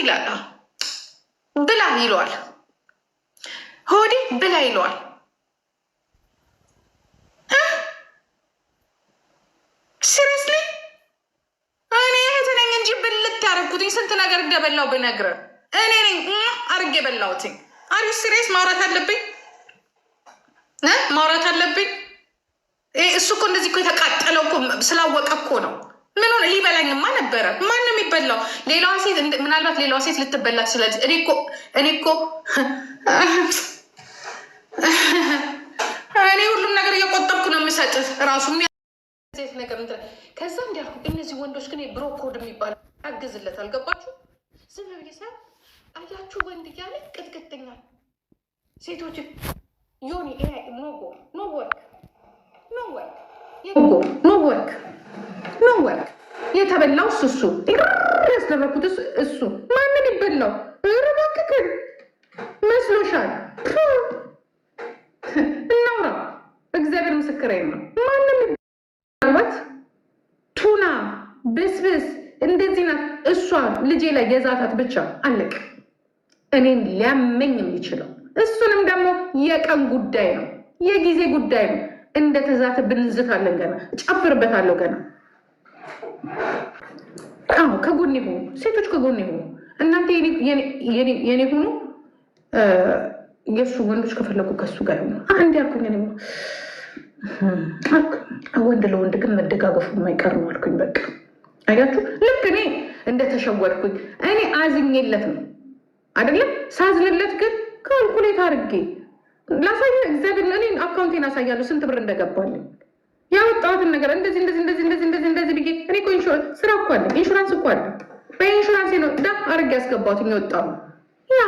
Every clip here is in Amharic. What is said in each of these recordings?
ይላል። ብላ ይለዋል። ሆዴ ብላ ይለዋል። ሲሪስሊ እኔ እህት ነኝ እንጂ ብልት ያደረግኩትኝ ስንት ነገር እንደበላው ብነግረ እኔ ነኝ አርጌ የበላሁትኝ። አሪ ሲሪየስ ማውራት አለብኝ ማውራት አለብኝ። እሱ እኮ እንደዚህ እኮ የተቃጠለው ስላወቀ እኮ ነው። ምን ሆነ? ሊበላኝማ ነበረ። ማን ነው የሚበላው? ሌላዋ ሴት ምናልባት ሌላዋ ሴት ልትበላ ትችላለች። እኔ እኮ እኔ እኮ እኔ ሁሉም ነገር እየቆጠብኩ ነው የምሰጥ ራሱ ነገር ምት ከዛ እንዲያልኩ እነዚህ ወንዶች ግን ብሮኮድ የሚባል አግዝለት አልገባችሁ? ዝም ብዬ ሰ አያችሁ ወንድ እያለ ቅጥቅጥኛል። ሴቶች ዮኒ ሞጎ ኖ ወርክ ኖ ወርክ ይጎ ኖ ወርክ የተበላው እሱ ያስደረኩት እሱ ማንን ይበላው ረባክክል መስሎሻል? እናውራ። እግዚአብሔር ምስክር ነው። ማንም ምናልባት ቱና ብስብስ እንደዚህ ናት። እሷ ልጄ ላይ የዛታት ብቻ አለቅ እኔን ሊያመኝ የሚችለው እሱንም ደግሞ የቀን ጉዳይ ነው፣ የጊዜ ጉዳይ ነው። እንደተዛተ ብንዝታለን። ገና ጨፍርበታለሁ። ገና አዎ፣ ከጎን ሆኑ ሴቶች ከጎን ሆኑ እናንተ የኔ ሆኑ የእሱ ወንዶች ከፈለጉ ከሱ ጋር ሆኑ። አንድ ያልኩኝ ወንድ ለወንድ ግን መደጋገፉ የማይቀር ነው አልኩኝ። በቃ አያችሁ፣ ልክ እኔ እንደተሸወድኩኝ እኔ አዝኜለት ነው አይደለም። ሳዝንለት ግን ከልኩሌት አድርጌ ላሳየህ እግዚአብሔር እኔ አካውንቴን አሳያለሁ፣ ስንት ብር እንደገባልኝ ያወጣሁትን ነገር እንደዚህ እንደዚህ እንደዚህ እንደዚህ እንደዚህ ብዬ እኔ እኮ ስራ እኮ አለ ኢንሹራንስ እኮ አለ በኢንሹራንስ ነው ዳም አድርጌ ያስገባሁት የሚወጣ ያ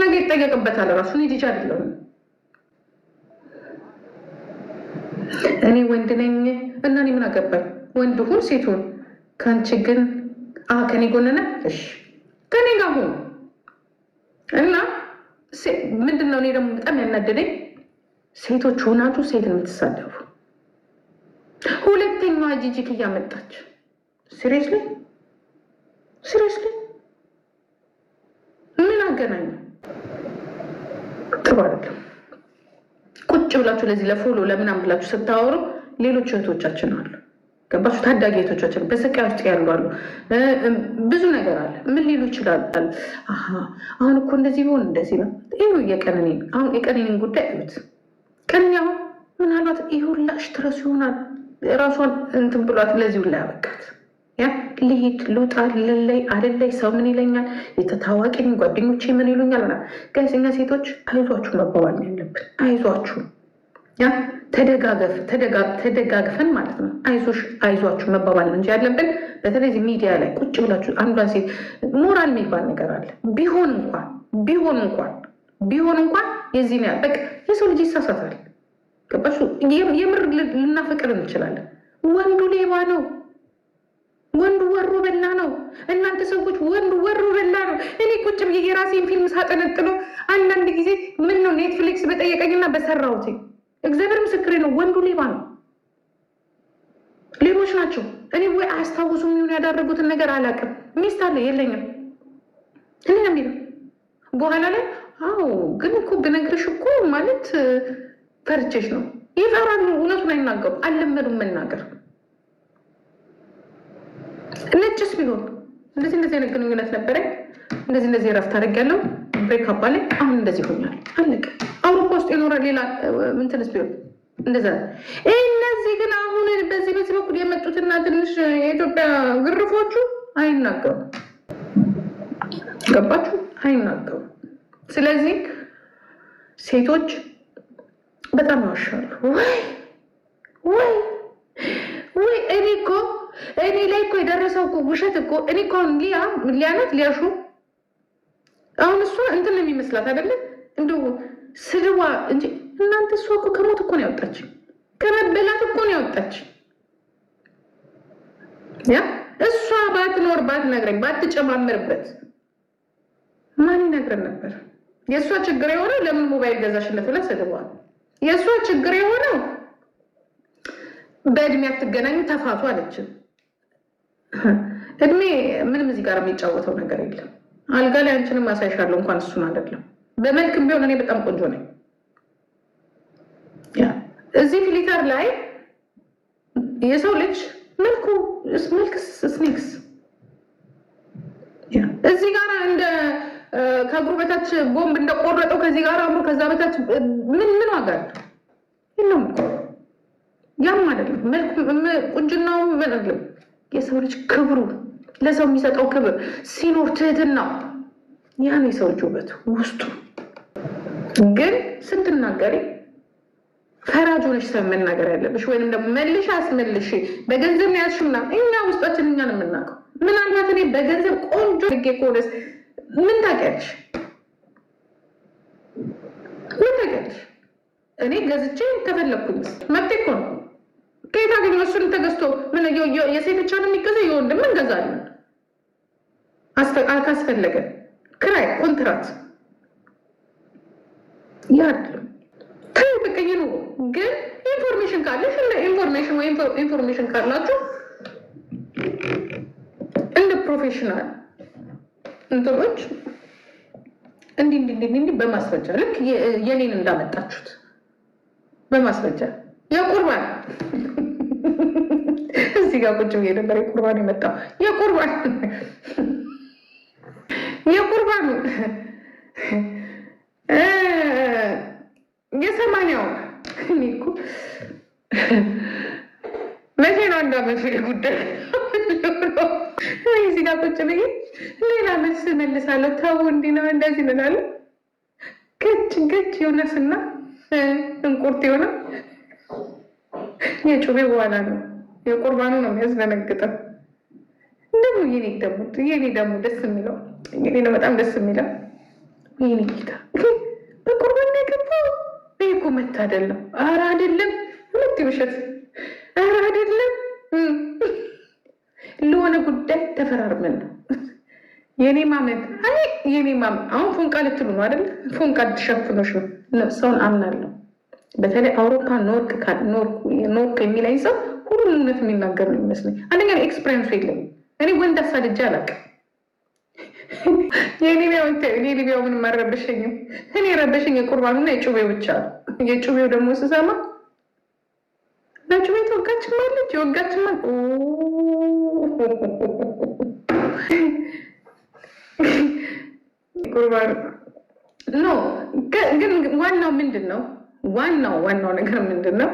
ነገ ይጠየቅበታል ራሱ እኔ ልጅ አይደለሁም። እኔ ወንድ ነኝ እና እኔ ምን አገባኝ ወንድ ሁን ሴት ሁን። ከአንቺ ግን ከኔ ጎንነ እሺ ከኔ ጋር ሁን እና ምንድን ነው እኔ ደግሞ በጣም ያናደደኝ ሴቶች ሆናችሁ ሴት የምትሳደቡ ሁለተኛዋ ጂጂክ እያመጣች ሲሪየስሊ ሲሪየስሊ ምን አገናኙ? ጥሩ አይደለም። ቁጭ ብላችሁ ለዚህ ለፎሎ ለምናምን ብላችሁ ስታወሩ ሌሎች እህቶቻችን አሉ ገባችሁ? ታዳጊ ቤቶቻችን በስቃይ ውስጥ ያሉ ብዙ ነገር አለ። ምን ሊሉ ይችላል? አሁን እኮ እንደዚህ ቢሆን እንደዚህ ነው። ይሁ የቀንኔን አሁን የቀንኔን ጉዳይ እዩት። ቀንኔ አሁን ምናልባት ይሁላ ሽትረሱ ይሆናል ራሷን እንትን ብሏት ለዚሁ ላይ ያበቃት ያ ልሂድ ልውጣ ልለይ አልለይ ሰው ምን ይለኛል፣ የተታዋቂ ጓደኞቼ ምን ይሉኛል። ጋዜኛ ሴቶች አይዟችሁ መባባል ያለብን አይዟችሁ ያ ተደጋገፍ ተደጋግፈን ማለት ነው። አይዞሽ አይዟችሁ መባባል እንጂ ያለብን። በተለይ ሚዲያ ላይ ቁጭ ብላችሁ አንዷን ሴት ሞራል የሚባል ነገር አለ። ቢሆን እንኳን ቢሆን እንኳን ቢሆን እንኳን የዚህን ያ በቃ የሰው ልጅ ይሳሳታል። ገባሽ? የምር ልናፈቅር እንችላለን። ወንዱ ሌባ ነው። ወንዱ ወሮ በላ ነው። እናንተ ሰዎች ወንዱ ወሮ በላ ነው። እኔ ቁጭ ብዬ የራሴን ፊልም ሳጠነጥነው አንዳንድ ጊዜ ምን ነው ኔትፍሊክስ በጠየቀኝና በሰራሁት እግዚአብሔር ምስክሬ ነው። ወንዱ ሌባ ነው፣ ሌቦች ናቸው። እኔ ወይ አያስታውሱም ይሁን ያደረጉትን ነገር አላውቅም። ሚስት አለ የለኝም። እኔ ነው የሚለው በኋላ ላይ አዎ፣ ግን እኮ ብነግርሽ እኮ ማለት ፈርቼሽ ነው። ይፈራሉ፣ እውነቱን አይናገሩም፣ አልለመዱም መናገር። ነጭስ ቢሆን እንደዚህ እንደዚህ አይነት ግንኙነት ነበረኝ፣ እንደዚህ እንደዚህ እረፍት አድርጊያለሁ ብሬክአፕ አለ። አሁን እንደዚህ ይሆኛል። አለቀ። አውሮፓ ውስጥ የኖረ ሌላ ምንትንስ ቢሆን እንደዛ። እነዚህ ግን አሁን በዚህ ቤት በኩል የመጡትና ትንሽ የኢትዮጵያ ግርፎቹ አይናገሩ፣ ገባችሁ? አይናገሩ። ስለዚህ ሴቶች በጣም ያዋሻሉ። ወይ ወይ ወይ እኔ እኮ እኔ ላይ እኮ የደረሰው ውሸት እኮ እኔ እኮ ሊያ ሊያነት ሊያሹ አሁን እሷ እንትን ነው የሚመስላት አይደለ? እንደው ስድዋ እንጂ እናንተ እሷ እኮ ከሞት እኮ ነው ያወጣች፣ ከመበላት እኮ ነው ያወጣች። ያ እሷ ባትኖር ባትነግረኝ ባትጨማምርበት ማን ይነግረን ነበር? የእሷ ችግር የሆነው ለምን ሞባይል ገዛሽነት ብላ ስድዋል። የእሷ ችግር የሆነው በእድሜ አትገናኙ ተፋቱ አለችን። እድሜ ምንም እዚህ ጋር የሚጫወተው ነገር የለም። አልጋ ላይ አንቺንም አሳይሻለሁ። እንኳን እሱን አይደለም በመልክም ቢሆን እኔ በጣም ቆንጆ ነኝ። እዚህ ፊሊተር ላይ የሰው ልጅ መልኩ መልክ ስኒክስ እዚህ ጋር እንደ ከእግሩ በታች ቦምብ እንደቆረጠው ከዚህ ጋር አምሮ ከዛ በታች ምን ምን ዋጋ የለውም። ያም አይደለም መልኩ ቁንጅናው ምን አይደለም የሰው ልጅ ክብሩ ለሰው የሚሰጠው ክብር ሲኖር ትህትና ነው። ያ የሰው ልጅ ውበት ውስጡ። ግን ስትናገሪ ፈራጅ ሆነሽ ሰው መናገር ያለብሽ ወይም ደግሞ መልሽ አስመልሽ በገንዘብ ያዝሽ ምናምን፣ እኛ ውስጣችን እኛ ነው የምናውቀው። ምናልባት እኔ በገንዘብ ቆንጆ ህጌ ከሆነስ ምን ታውቂያለሽ? ምን ታውቂያለሽ? እኔ ገዝቼ ከፈለግኩኝ መብቴ እኮ ነው። ከየት አገኘው? እሱን ተገዝቶ የሴቶች አለ የሚገዛ የወንድም እንገዛለን ካስፈለገ ክራይ ኮንትራት ያድ ያድልም ተይ ነው። ግን ኢንፎርሜሽን ካለሽ ኢንፎርሜሽን ወይ ኢንፎርሜሽን ካላችሁ እንደ ፕሮፌሽናል እንትኖች እንዲህ እንዲህ እንዲህ በማስረጃ ልክ የኔን እንዳመጣችሁት በማስረጃ የቁርባን እዚህ ጋር ቁጭ ብዬ ነበር። የቁርባን የመጣው የቁርባን የቁርባን የሰማንያው መቼ ነው አንድ አመት ጉዳይ እዚህ ጋር ቁጭ ብዬ ሌላ መልስ መልሳለሁ። ተው እንዲህ ነው እንደዚህ እንላለን። ገጭ ገጭ የሆነ ስና እንቁርት የሆነ የጩቤ በኋላ ነው የቁርባኑ ነው የሚያስደነግጠው። ደግሞ የኔ ደግሞ የኔ ደግሞ ደስ የሚለው የኔ ነው በጣም ደስ የሚለው የኔ ጌታ በቁርባን ያገባው ይህ እኮ መታደል አረ ኧረ አይደለም ሁለት ውሸት፣ ኧረ አይደለም ለሆነ ጉዳይ ተፈራርመን ነው የኔ ማመት አይ የኔ ማመት አሁን ፎንቃ ልትሉ ነው አይደለ? ፎንቃ ልትሸፍኖች ነው። ሰውን አምናለሁ በተለይ አውሮፓ ኖርክ የሚለኝ ሰው ሁሉም እውነት የሚናገር ነው ይመስለኝ። አንደኛ ኤክስፔሪንሱ የለኝም። እኔ ወንድ አሳድጃ አላውቅም። የሊቢያው ምንም አልረበሸኝም። እኔ የረበሸኝ የቁርባኑና የጩቤው ብቻ ነው። የጩቤው ደግሞ ስሰማ ለጩቤ ተወጋችም አለች የወጋችም ቁርባኑ ኖ ግን ዋናው ምንድን ነው ዋናው ዋናው ነገር ምንድን ነው?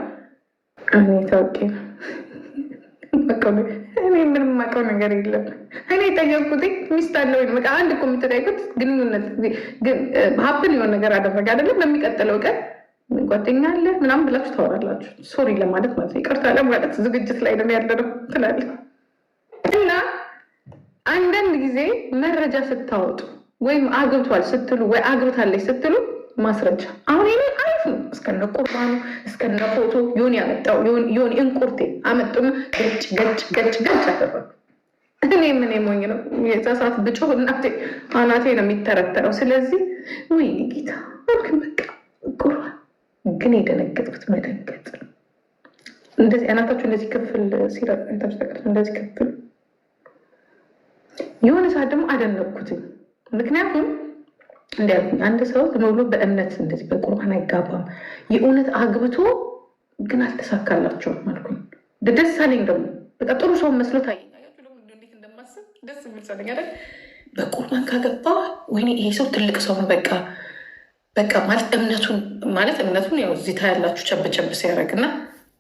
እኔ እኔ ምንም ማቀው ነገር የለም። እኔ የጠየቅኩት ሚስት አለ ወይ በቃ አንድ እኮ የምትጠይቁት ግንኙነት ሀፕን የሆነ ነገር አደረገ አይደለም። በሚቀጥለው ቀን ጓደኛ አለ ምናምን ብላችሁ ታወራላችሁ። ሶሪ ለማለት ማለት ይቅርታ ለማለት ዝግጅት ላይ ነው ነው ትላለ እና አንዳንድ ጊዜ መረጃ ስታወጡ ወይም አግብቷል ስትሉ ወይ አግብታለች ስትሉ ማስረጃ አሁን ይሄ አሪፍ ነው። እስከነ ቁርባኑ እስከነ ፎቶ ዮኒ ያመጣው ዮኒ እንቁርቴ አመጡም ገጭ ገጭ ገጭ ገጭ አደረጉ። እኔ ምን ሞኝ ነው የተሳት ብጮ እናቴ አናቴ ነው የሚተረተረው። ስለዚህ ወይ ጌታ ወርክ በቃ ቁርባን ግን የደነገጥኩት መደንገጥ እንደዚህ አናታችሁ እንደዚህ ክፍል ሲረጣችሁ እንደዚህ ክፍል የሆነ ሰዓት ደግሞ አደነኩትኝ ምክንያቱም እንዲያሉኝ አንድ ሰው ዝም ብሎ በእምነት እንደዚህ በቁርአን አይጋባም። የእውነት አግብቶ ግን አልተሳካላቸውም አልኩኝ። ደስ አለኝ ደግሞ በቃ ጥሩ ሰው መስሎ ታየኝ። እንዴት ካገባ ወይኔ ይሄ ሰው ትልቅ ሰው ነው በቃ በቃ ማለት እምነቱን ማለት እምነቱን ያው እዚህ ታያላችሁ ቸብቸብ ሲያደርግ እና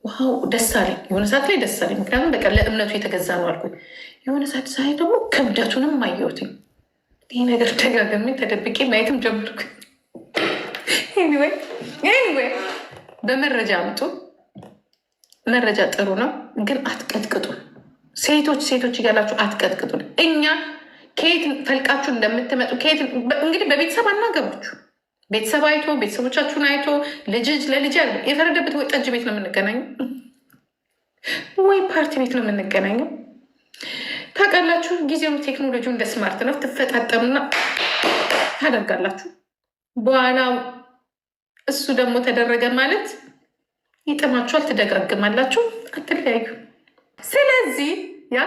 ዋው ደስ አለኝ። የሆነ ሰዓት ላይ ደስ አለኝ፣ ምክንያቱም በቃ ለእምነቱ የተገዛ ነው አልኩኝ። የሆነ ሰዓት ሳይ ደግሞ ክብደቱንም አየሁትኝ ይህ ነገር ደጋግሜ ተደብቄ ማየትም ጀምርኩ። በመረጃ አምጡ። መረጃ ጥሩ ነው፣ ግን አትቀጥቅጡ። ሴቶች ሴቶች እያላችሁ አትቀጥቅጡ። እኛ ከየት ፈልቃችሁ እንደምትመጡ እንግዲህ በቤተሰብ አናገባችሁ። ቤተሰብ አይቶ ቤተሰቦቻችሁን አይቶ ልጅ ለልጅ ያለ የፈረደበት ወይ ጠጅ ቤት ነው የምንገናኘው፣ ወይ ፓርቲ ቤት ነው የምንገናኘው ታውቃላችሁ፣ ጊዜው ቴክኖሎጂ እንደ ስማርት ነው። ትፈጣጠሩና ታደርጋላችሁ። በኋላ እሱ ደግሞ ተደረገ ማለት ይጥማችኋል፣ ትደጋግማላችሁ፣ አትለያዩ። ስለዚህ ያ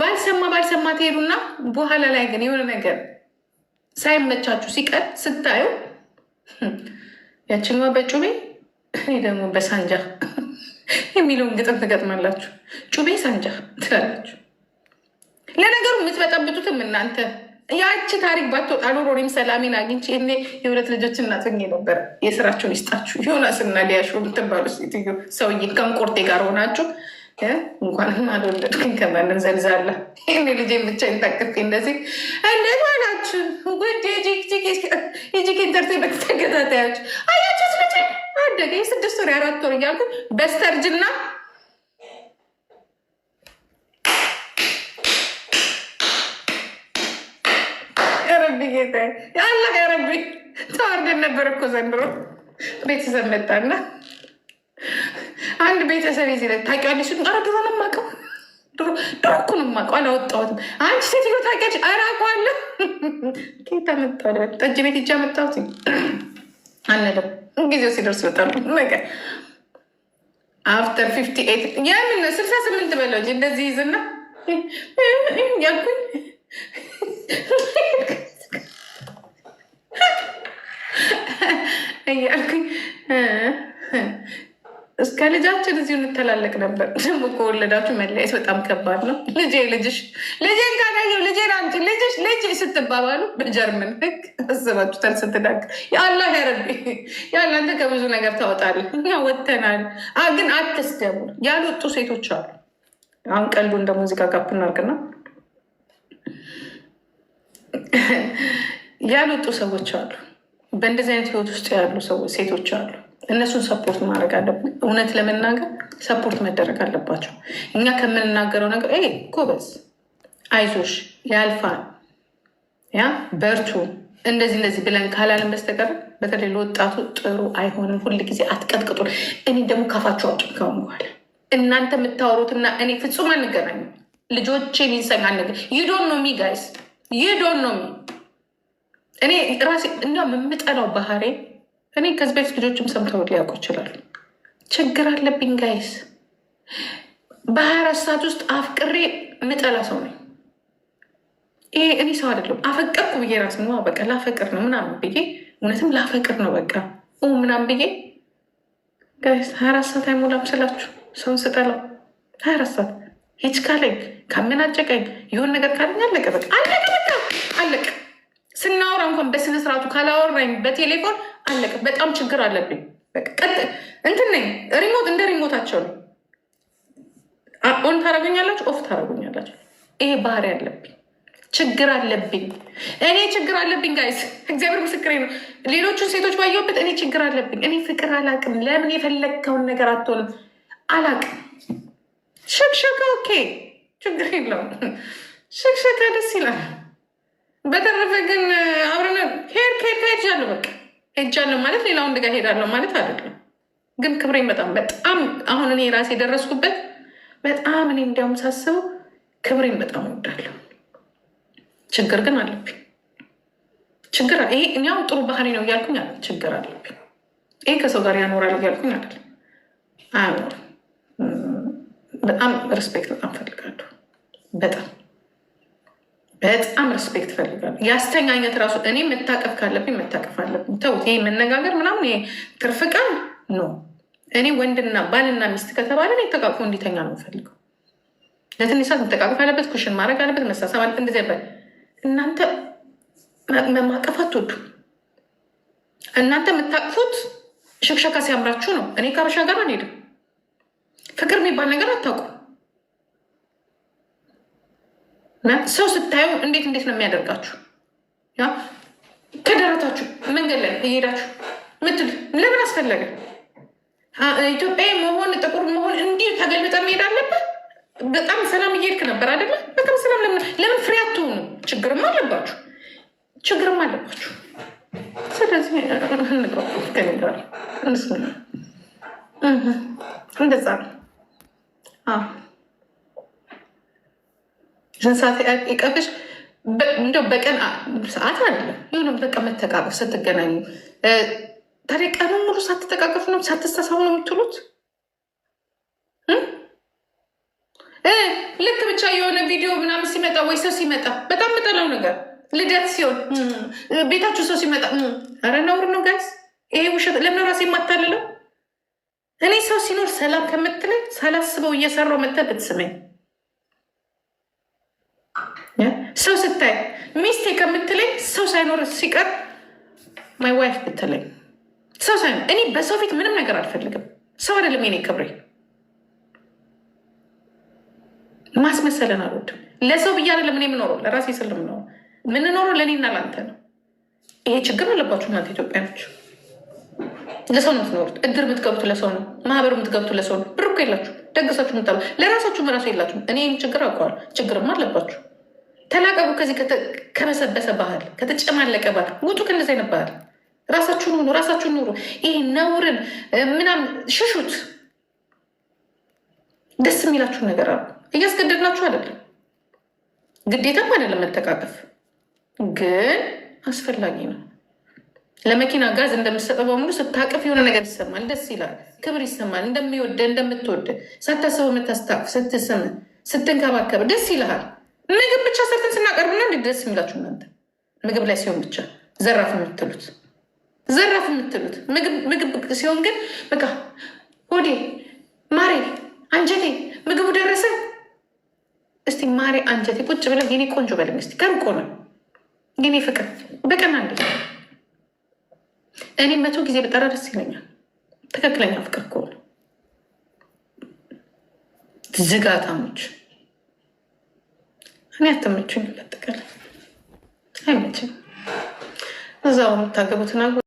ባልሰማ ባልሰማ ትሄዱና በኋላ ላይ ግን የሆነ ነገር ሳይመቻችሁ ሲቀር ስታዩ ያችንዋ በጩቤ እኔ ደግሞ በሳንጃ የሚለውን ግጥም ትገጥማላችሁ። ጩቤ ሳንጃ ትላላችሁ። ለነገሩ የምትበጠብጡትም እናንተ። ያቺ ታሪክ ባትወጣ ኖሮ እኔም ሰላሜን አግኝቼ እኔ የሁለት ልጆች እናት ሆኜ ነበር። የስራቸውን ይስጣችሁ። ዮናስና ሊያሹ የምትባሉ ሴትዮ ሰውዬ ከንቆርቴ ጋር ሆናችሁ እንኳን አልወለድክኝ ከማንም ዘልዛለ ይህኔ ልጅ ብቻዬን ታቅፌ እንደዚህ እንዴት ዋላችሁ? ጉድ የጂክ ኢንተርቴንመንት ተከታታያችሁ አያችሁት? ልጄ አደገ የስድስት ወር የአራት ወር እያልኩ በስተርጅና ጌታ አላህ ያረቢ ተዋርደን ነበር እኮ ዘንድሮ ቤተሰብ መጣና አንድ ቤተሰብ ዜ ታውቂዋለሽ? ኧረ ድሮ ነው የማውቀው፣ ድሮ እኮ ነው የማውቀው፣ አላወጣሁትም። አንቺ ሴትዮ ታውቂያለሽ? ኧረ አውቀዋለሁ። ጌታ መጣሁ፣ ጠጅ ቤት እጃ መጣሁት አንልም። ጊዜው ሲደርስ ይወጣሉ። ነገር አፍተር ፊፍቲ ኤይት የምን ስልሳ ስምንት በለው እንጂ እንደዚህ ይዝና ያልኩኝ እያልኩኝ እስከ ልጃችን እዚሁ እንተላለቅ ነበር። ደግሞ ከወለዳችሁ መለያየት በጣም ከባድ ነው። ልጄ ልጅሽ ልጄን ካላየው ልጄን አንቺ ልጅሽ ልጅ ስትባባሉ በጀርመን ሕግ አስባችሁታል። ስትዳግ የአላ ያረቢ ያለ አንተ ከብዙ ነገር ታወጣለህ። እኛ ወተናል። ግን አትስደቡ። ያልወጡ ሴቶች አሉ። አሁን ቀልዱ እንደ ሙዚቃ ጋር እናርግና ያልወጡ ሰዎች አሉ። በእንደዚህ አይነት ህይወት ውስጥ ያሉ ሰዎች ሴቶች አሉ። እነሱን ሰፖርት ማድረግ አለብን። እውነት ለመናገር ሰፖርት መደረግ አለባቸው። እኛ ከምንናገረው ነገር ይ ጎበዝ፣ አይዞሽ፣ ያልፋል፣ ያ በርቱ፣ እንደዚህ እንደዚህ ብለን ካላለን በስተቀር በተለይ ለወጣቱ ጥሩ አይሆንም። ሁል ጊዜ አትቀጥቅጡ። እኔ ደግሞ ካፋቸው አውጭ ከሆን በኋላ እናንተ የምታወሩትና እኔ ፍጹም አንገናኝም። ልጆቼ ሊንሰኝ አንገ ዩ ዶንት ኖ ሚ ጋይስ ዩ ዶንት ኖ ሚ እኔ ራሴ እና የምጠላው ባህሬ እኔ ከዚህ በፊት ልጆችም ሰምተው ሊያውቁ ይችላሉ። ችግር አለብኝ ጋይስ። በሀያ አራት ሰዓት ውስጥ አፍቅሬ ምጠላ ሰው ነኝ። ይሄ እኔ ሰው አይደለም። አፈቀርኩ ብዬ ራስ በቃ ላፈቅር ነው ምናምን ብዬ እውነትም ላፈቅር ነው በቃ ምናምን ብዬ ጋይስ፣ ሀያ አራት ሰዓት አይሞላም ስላችሁ ሰውን ስጠላው ሀያ አራት ሰዓት ሂች ካለኝ ካመናጨቀኝ ይሆን ነገር ካለኝ አለቀ በቃ አለቀ በቃ አለቀ። ስናወራ እንኳን በስነ ስርዓቱ ካላወራኝ በቴሌፎን አለቀ። በጣም ችግር አለብኝ። እንትን ነኝ ሪሞት እንደ ሪሞታቸው ነው። ኦን ታደርጉኛላችሁ፣ ኦፍ ታደርጉኛላችሁ። ይሄ ባህሪ አለብኝ። ችግር አለብኝ እኔ ችግር አለብኝ። ጋይስ እግዚአብሔር ምስክሬ ነው። ሌሎቹን ሴቶች ባየሁበት እኔ ችግር አለብኝ። እኔ ፍቅር አላቅም። ለምን የፈለግከውን ነገር አትሆንም? አላቅም። ሽክሽካ ኦኬ፣ ችግር የለውም። ሽክሽካ ደስ ይላል። በተረፈ ግን አብረን ሄድ ከሄድ ከሄጃለሁ በቃ ሄጃለሁ ማለት ሌላ ወንድ ጋር ሄዳለሁ ማለት አይደለም። ግን ክብሬን በጣም በጣም አሁን እኔ ራሴ የደረስኩበት በጣም እኔ እንዲያውም ሳስበው ክብሬን በጣም እወዳለሁ። ችግር ግን አለብኝ። ችግር ይሄ እኛም ጥሩ ባህሪ ነው እያልኩኝ አለ ችግር አለብኝ። ይህ ከሰው ጋር ያኖራል እያልኩኝ አለ አያኖርም። በጣም ሪስፔክት በጣም ፈልጋለሁ በጣም በጣም ሪስፔክት እፈልጋለሁ። የአስተኛኘት ራሱ እኔ መታቀፍ ካለብኝ መታቀፍ አለብኝ። ተውት፣ ይሄ መነጋገር ምናምን ትርፍ ቃል ነው። እኔ ወንድና ባልና ሚስት ከተባለ እኔ ተቃቅፎ እንዲተኛ ነው ፈልገው። ለትንሽ ሰዓት መጠቃቀፍ አለበት፣ ኩሽን ማድረግ አለበት፣ መሳሳብ አለበት። በል እናንተ መማቀፍ አትወዱ። እናንተ የምታቅፉት ሸክሸካ ሲያምራችሁ ነው። እኔ ከአበሻ ጋር አንሄድም። ፍቅር የሚባል ነገር አታውቁም። ሰው ስታዩ እንዴት እንዴት ነው የሚያደርጋችሁ? ከደረታችሁ መንገድ ላይ እየሄዳችሁ ምትል ለምን አስፈለገ? ኢትዮጵያዊ መሆን ጥቁር መሆን እንዲህ ተገልብጠ መሄድ አለበት? በጣም ሰላም እየሄድክ ነበር አደለ? በጣም ሰላም ለምን ለምን ፍሬ አትሆኑ? ችግርም አለባችሁ፣ ችግርም አለባችሁ። ስለዚህ ንግባል እንደዛ ነው። ሰዓት ይቀፍሽ እንደው በቀን ሰዓት አለ የሆነ በቃ መተቃቀፍ ስትገናኙ ታዲያ ቀኑን ሙሉ ሳትተቃቀፉ ነው ሳትሳሳሙ ነው የምትሉት? ልክ ብቻ የሆነ ቪዲዮ ምናምን ሲመጣ ወይ ሰው ሲመጣ በጣም የምጠላው ነገር ልደት ሲሆን ቤታችሁ ሰው ሲመጣ፣ ኧረ ነውር ነው ጋይስ። ይሄ ውሸት ለምን ራሴ የማታልለው እኔ ሰው ሲኖር ሰላም ከምትለኝ ሳላስበው እየሰራው መተህ ብትስመኝ ሰው ስታይ ሚስቴ ከምትለኝ ሰው ሳይኖር ሲቀር ማይ ዋይፍ ብትለኝ ሰው ሳይኖር እኔ በሰው ፊት ምንም ነገር አልፈልግም። ሰው አይደለም የኔ ክብሬ። ማስመሰለን አልወድም። ለሰው ብዬ አይደለም እኔ የምኖረው ለራሴ ስል የምኖረው የምንኖረው ለእኔና ለአንተ ነው። ይሄ ችግር አለባችሁ እናንተ ኢትዮጵያኖች። ለሰው ነው የምትኖሩት። እድር የምትገብቱ ለሰው ነው። ማህበር የምትገብቱ ለሰው ነው። ብር እኮ የላችሁ ደግሳችሁ ምጣ ለራሳችሁ ራሱ የላችሁ። እኔ ችግር አውቀዋል። ችግርም አለባችሁ ተላቀቁ ከዚህ ከበሰበሰ ባህል፣ ከተጨማለቀ ባህል ውጡ። ከእንደዚህ አይነት ባህል ራሳችሁን ሆኑ፣ ራሳችሁን ኑሩ። ይህ ነውርን ምናምን ሽሹት። ደስ የሚላችሁን ነገር አሉ። እያስገደድናችሁ አይደለም፣ ግዴታም አይደለም። መተቃቀፍ ግን አስፈላጊ ነው። ለመኪና ጋዝ እንደምትሰጠው በሙሉ ስታቅፍ የሆነ ነገር ይሰማል፣ ደስ ይላል፣ ክብር ይሰማል። እንደሚወደ እንደምትወደ ሳታስበው የምታስታቅፍ ስትስም ስትንከባከብ ደስ ይልሃል። ምግብ ብቻ ሰርተን ስናቀርብና እንዴት ደስ የሚላችሁ እናንተ። ምግብ ላይ ሲሆን ብቻ ዘራፍ የምትሉት ዘራፍ የምትሉት ምግብ ሲሆን ግን በቃ ሆዴ ማሬ አንጀቴ ምግቡ ደረሰ። እስቲ ማሬ አንጀቴ ቁጭ ብለ የኔ ቆንጆ በለኝ እስቲ ከርቆ ነው የኔ ፍቅር በቀን አንድ እኔ መቶ ጊዜ በጠራ ደስ ይለኛል። ትክክለኛ ፍቅር ከሆነ ዝጋታሞች እኔ አትመቹኝ። በአጠቃላይ አይመችም። እዛው የምታገቡትን አግቡ፣